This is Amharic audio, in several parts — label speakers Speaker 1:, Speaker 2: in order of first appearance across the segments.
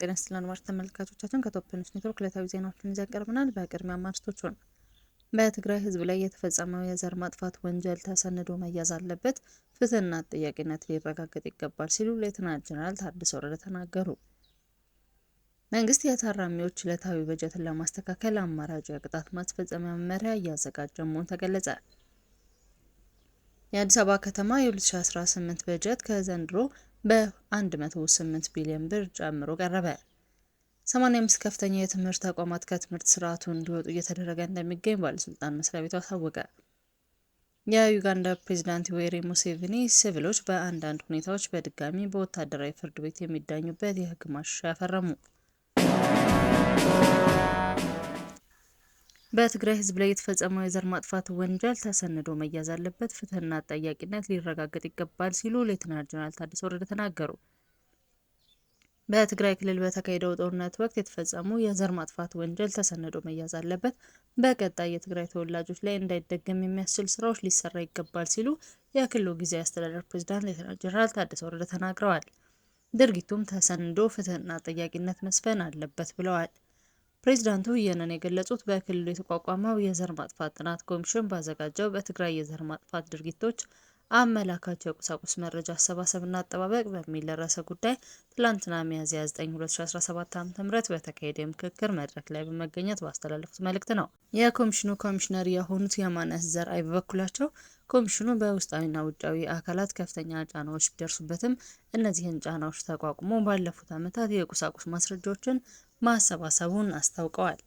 Speaker 1: ጤና ይስጥልን አድማጭ ተመልካቾቻችን ከቶፕ ኒውስ ኔትወርክ ዕለታዊ ዜናዎችን ይዘን ቀርበናል። በቅድሚያ አማርቶቹን በትግራይ ህዝብ ላይ የተፈጸመው የዘር ማጥፋት ወንጀል ተሰንዶ መያዝ አለበት፣ ፍትህና ተጠያቂነት ሊረጋገጥ ይገባል ሲሉ ሌተናንት ጀነራል ታደሰ ወረደ ተናገሩ። መንግስት የታራሚዎች ዕለታዊ በጀትን ለማስተካከል አማራጭ የቅጣት ማስፈጸሚያ መመሪያ እያዘጋጀ መሆኑ ተገለጸ። የአዲስ አበባ ከተማ የ2018 በጀት ከዘንድሮ በ108 ቢሊዮን ብር ጨምሮ ቀረበ። 85 ከፍተኛ የትምህርት ተቋማት ከትምህርት ስርዓቱ እንዲወጡ እየተደረገ እንደሚገኝ ባለሥልጣን መስሪያ ቤቱ አሳወቀ። የዩጋንዳ ፕሬዝዳንት ዩዌሪ ሙሴቪኒ ሲቪሎች በአንዳንድ ሁኔታዎች በድጋሚ በወታደራዊ ፍርድ ቤት የሚዳኙበት የህግ ማሻሻያ ፈረሙ። በትግራይ ህዝብ ላይ የተፈጸመው የዘር ማጥፋት ወንጀል ተሰንዶ መያዝ አለበት፣ ፍትህና ጠያቂነት ሊረጋገጥ ይገባል ሲሉ ሌተናል ጀነራል ታደሰ ወረደ ተናገሩ። በትግራይ ክልል በተካሄደው ጦርነት ወቅት የተፈጸሙ የዘር ማጥፋት ወንጀል ተሰንዶ መያዝ አለበት፣ በቀጣይ የትግራይ ተወላጆች ላይ እንዳይደገም የሚያስችል ስራዎች ሊሰራ ይገባል ሲሉ የክልሉ ጊዜያዊ አስተዳደር ፕሬዚዳንት ሌተናል ጀነራል ታደሰ ወረደ ተናግረዋል። ድርጊቱም ተሰንዶ ፍትህና ጠያቂነት መስፈን አለበት ብለዋል። ፕሬዚዳንቱ ይህንን የገለጹት በክልሉ የተቋቋመው የዘር ማጥፋት ጥናት ኮሚሽን ባዘጋጀው በትግራይ የዘር ማጥፋት ድርጊቶች አመላካች የቁሳቁስ መረጃ አሰባሰብና አጠባበቅ በሚል ርዕሰ ጉዳይ ትላንትና ሚያዝያ 9 2017 ም በተካሄደ የምክክር መድረክ ላይ በመገኘት ባስተላለፉት መልእክት ነው። የኮሚሽኑ ኮሚሽነር የሆኑት የማነስ ዘርአይ በበኩላቸው ኮሚሽኑ በውስጣዊና ውጫዊ አካላት ከፍተኛ ጫናዎች ቢደርሱበትም እነዚህን ጫናዎች ተቋቁሞ ባለፉት ዓመታት የቁሳቁስ ማስረጃዎችን ማሰባሰቡን አስታውቀዋል።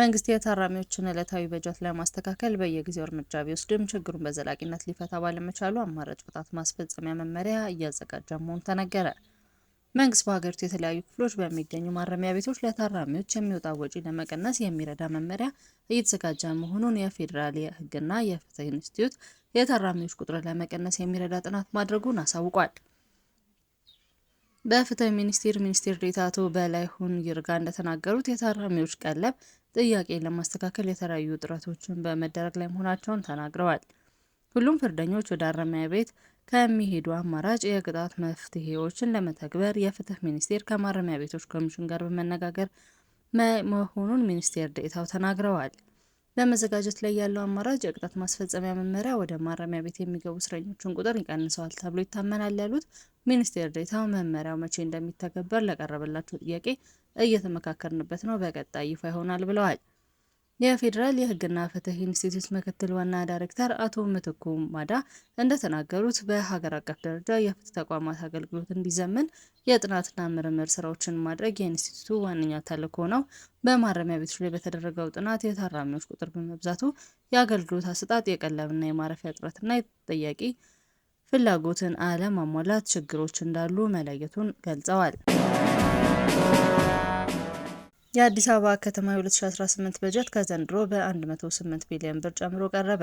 Speaker 1: መንግስት የታራሚዎችን ዕለታዊ በጀት ለማስተካከል በየጊዜው እርምጃ ቢወስድም ችግሩን በዘላቂነት ሊፈታ ባለመቻሉ አማራጭ ቅጣት ማስፈጸሚያ መመሪያ እያዘጋጀ መሆኑ ተነገረ። መንግስት በሀገሪቱ የተለያዩ ክፍሎች በሚገኙ ማረሚያ ቤቶች ለታራሚዎች የሚወጣ ወጪ ለመቀነስ የሚረዳ መመሪያ እየተዘጋጀ መሆኑን የፌዴራል የሕግና የፍትህ ኢንስቲትዩት የታራሚዎች ቁጥርን ለመቀነስ የሚረዳ ጥናት ማድረጉን አሳውቋል። በፍትህ ሚኒስቴር ሚኒስትር ዴኤታ አቶ በላይሁን ይርጋ እንደተናገሩት የታራሚዎች ቀለብ ጥያቄ ለማስተካከል የተለያዩ ጥረቶችን በመደረግ ላይ መሆናቸውን ተናግረዋል። ሁሉም ፍርደኞች ወደ አረሚያ ቤት ከሚሄዱ አማራጭ የቅጣት መፍትሄዎችን ለመተግበር የፍትህ ሚኒስቴር ከማረሚያ ቤቶች ኮሚሽን ጋር በመነጋገር መሆኑን ሚኒስቴር ዴኤታው ተናግረዋል። በመዘጋጀት ላይ ያለው አማራጭ የቅጣት ማስፈጸሚያ መመሪያ ወደ ማረሚያ ቤት የሚገቡ እስረኞችን ቁጥር ይቀንሰዋል ተብሎ ይታመናል ያሉት ሚኒስቴር ዴታው መመሪያው መቼ እንደሚተገበር ለቀረበላቸው ጥያቄ እየተመካከርንበት ነው፣ በቀጣይ ይፋ ይሆናል ብለዋል። የፌዴራል የህግና ፍትህ ኢንስቲትዩት ምክትል ዋና ዳይሬክተር አቶ ምትኩ ማዳ እንደተናገሩት በሀገር አቀፍ ደረጃ የፍትህ ተቋማት አገልግሎት እንዲዘምን የጥናትና ምርምር ስራዎችን ማድረግ የኢንስቲትዩቱ ዋነኛ ተልዕኮ ነው። በማረሚያ ቤቶች ላይ በተደረገው ጥናት የታራሚዎች ቁጥር በመብዛቱ የአገልግሎት አሰጣጥ የቀለብና የማረፊያ እጥረትና የተጠያቂ ፍላጎትን አለማሟላት ችግሮች እንዳሉ መለየቱን ገልጸዋል። የአዲስ አበባ ከተማ የ2018 በጀት ከዘንድሮ በ108 ቢሊዮን ብር ጨምሮ ቀረበ።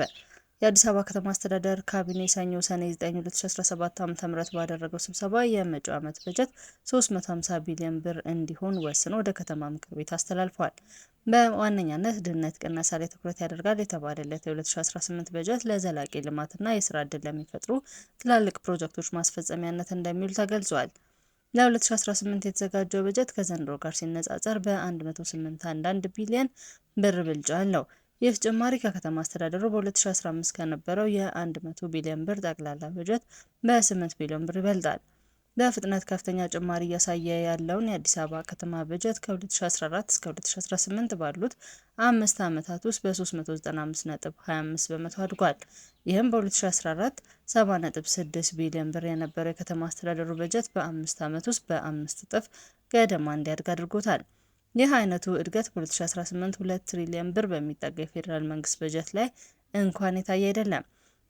Speaker 1: የአዲስ አበባ ከተማ አስተዳደር ካቢኔ ሰኞ ሰኔ 9 2017 ዓ.ም ባደረገው ስብሰባ የመጪው ዓመት በጀት 350 ቢሊዮን ብር እንዲሆን ወስኖ ወደ ከተማ ምክር ቤት አስተላልፏል። በዋነኛነት ድህነት ቅነሳ ላይ ትኩረት ያደርጋል የተባለለት የ2018 በጀት ለዘላቂ ልማትና የስራ ዕድል ለሚፈጥሩ ትላልቅ ፕሮጀክቶች ማስፈጸሚያነት እንደሚውል ተገልጿል። ለ2018 የተዘጋጀው በጀት ከዘንድሮ ጋር ሲነጻጸር በ181 ቢሊዮን ብር ብልጫ አለው። ይህ ጭማሪ ከከተማ አስተዳደሩ በ2015 ከነበረው የ100 ቢሊዮን ብር ጠቅላላ በጀት በ8 ቢሊዮን ብር ይበልጣል። በፍጥነት ከፍተኛ ጭማሪ እያሳየ ያለውን የአዲስ አበባ ከተማ በጀት ከ2014 እስከ 2018 ባሉት አምስት ዓመታት ውስጥ በ395.25 በመቶ አድጓል። ይህም በ2014 76 ቢሊዮን ብር የነበረው የከተማ አስተዳደሩ በጀት በአምስት ዓመት ውስጥ በአምስት እጥፍ ገደማ እንዲያድግ አድርጎታል። ይህ አይነቱ እድገት በ2018 2 ትሪሊዮን ብር በሚጠጋ የፌዴራል መንግስት በጀት ላይ እንኳን የታየ አይደለም።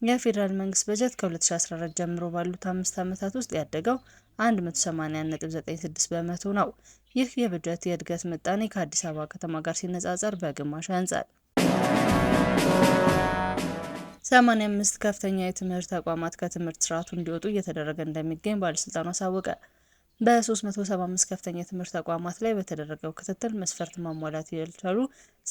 Speaker 1: የፌዴራል መንግስት በጀት ከ2014 ጀምሮ ባሉት አምስት ዓመታት ውስጥ ያደገው 180.96 በመቶ ነው። ይህ የበጀት የእድገት ምጣኔ ከአዲስ አበባ ከተማ ጋር ሲነጻጸር በግማሽ ያንሳል። 85 ከፍተኛ የትምህርት ተቋማት ከትምህርት ስርዓቱ እንዲወጡ እየተደረገ እንደሚገኝ ባለስልጣኑ አሳወቀ። በ375 ከፍተኛ ትምህርት ተቋማት ላይ በተደረገው ክትትል መስፈርት ማሟላት ያልቻሉ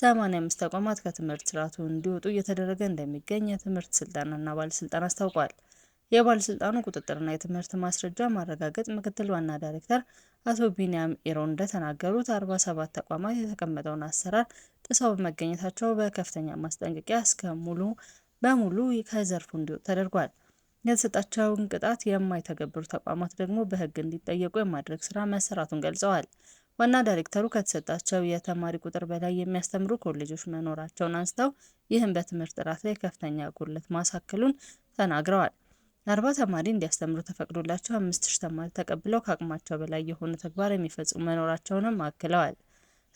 Speaker 1: 85 ተቋማት ከትምህርት ስርዓቱ እንዲወጡ እየተደረገ እንደሚገኝ የትምህርት ስልጠናና ባለስልጣን አስታውቋል። የባለስልጣኑ ቁጥጥርና የትምህርት ማስረጃ ማረጋገጥ ምክትል ዋና ዳይሬክተር አቶ ቢንያም ኢሮ እንደተናገሩት 47 ተቋማት የተቀመጠውን አሰራር ጥሰው በመገኘታቸው በከፍተኛ ማስጠንቀቂያ እስከ ሙሉ በሙሉ ከዘርፉ እንዲወጡ ተደርጓል። የተሰጣቸውን ቅጣት የማይተገብሩ ተቋማት ደግሞ በህግ እንዲጠየቁ የማድረግ ስራ መሰራቱን ገልጸዋል። ዋና ዳይሬክተሩ ከተሰጣቸው የተማሪ ቁጥር በላይ የሚያስተምሩ ኮሌጆች መኖራቸውን አንስተው ይህም በትምህርት ጥራት ላይ ከፍተኛ ጉድለት ማሳከሉን ተናግረዋል። አርባ ተማሪ እንዲያስተምሩ ተፈቅዶላቸው አምስት ሺህ ተማሪ ተቀብለው ከአቅማቸው በላይ የሆነ ተግባር የሚፈጽሙ መኖራቸውንም አክለዋል።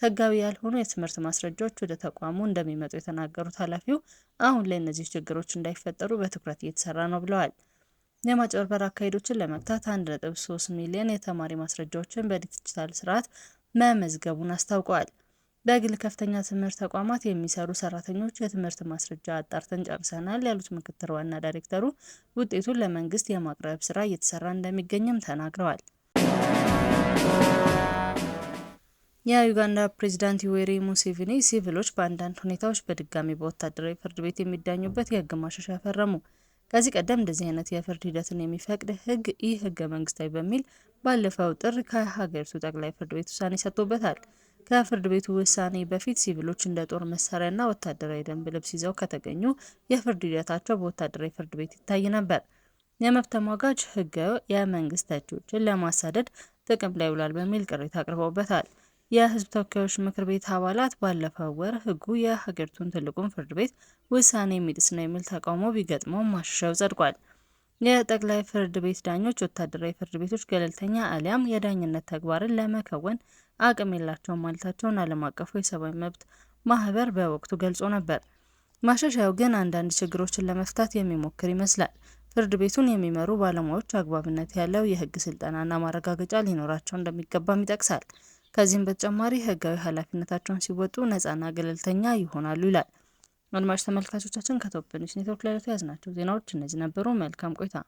Speaker 1: ህጋዊ ያልሆኑ የትምህርት ማስረጃዎች ወደ ተቋሙ እንደሚመጡ የተናገሩት ኃላፊው አሁን ላይ እነዚህ ችግሮች እንዳይፈጠሩ በትኩረት እየተሰራ ነው ብለዋል። የማጭበርበር አካሄዶችን ለመግታት 1.3 ሚሊዮን የተማሪ ማስረጃዎችን በዲጂታል ስርዓት መመዝገቡን አስታውቀዋል። በግል ከፍተኛ ትምህርት ተቋማት የሚሰሩ ሰራተኞች የትምህርት ማስረጃ አጣርተን ጨርሰናል ያሉት ምክትል ዋና ዳይሬክተሩ ውጤቱን ለመንግስት የማቅረብ ስራ እየተሰራ እንደሚገኝም ተናግረዋል። የዩጋንዳ ፕሬዚዳንት ዩዌሪ ሙሴቪኒ ሲቪሎች በአንዳንድ ሁኔታዎች በድጋሚ በወታደራዊ ፍርድ ቤት የሚዳኙበት የህግ ማሻሻያ ፈረሙ። ከዚህ ቀደም እንደዚህ አይነት የፍርድ ሂደትን የሚፈቅድ ህግ ይህ ህገ መንግስታዊ በሚል ባለፈው ጥር ከሀገሪቱ ጠቅላይ ፍርድ ቤት ውሳኔ ሰጥቶበታል። ከፍርድ ቤቱ ውሳኔ በፊት ሲቪሎች እንደ ጦር መሳሪያና ወታደራዊ ደንብ ልብስ ይዘው ከተገኙ የፍርድ ሂደታቸው በወታደራዊ ፍርድ ቤት ይታይ ነበር። የመብት ተሟጋች ህገ የመንግስት ተቺዎችን ለማሳደድ ጥቅም ላይ ይውላል በሚል ቅሬታ አቅርበውበታል። የህዝብ ተወካዮች ምክር ቤት አባላት ባለፈው ወር ህጉ የሀገሪቱን ትልቁን ፍርድ ቤት ውሳኔ የሚጥስ ነው የሚል ተቃውሞ ቢገጥመውም ማሻሻያው ጸድቋል። የጠቅላይ ፍርድ ቤት ዳኞች ወታደራዊ ፍርድ ቤቶች ገለልተኛ አሊያም የዳኝነት ተግባርን ለመከወን አቅም የላቸውም ማለታቸውን ዓለም አቀፉ የሰብአዊ መብት ማህበር በወቅቱ ገልጾ ነበር። ማሻሻያው ግን አንዳንድ ችግሮችን ለመፍታት የሚሞክር ይመስላል። ፍርድ ቤቱን የሚመሩ ባለሙያዎች አግባብነት ያለው የህግ ስልጠናና ማረጋገጫ ሊኖራቸው እንደሚገባም ይጠቅሳል። ከዚህም በተጨማሪ ህጋዊ ኃላፊነታቸውን ሲወጡ ነጻና ገለልተኛ ይሆናሉ ይላል። አድማጭ ተመልካቾቻችን ከቶፕ ኒውስ ኔትወርክ ለዕለቱ ያዝናቸው ዜናዎች እነዚህ ነበሩ። መልካም ቆይታ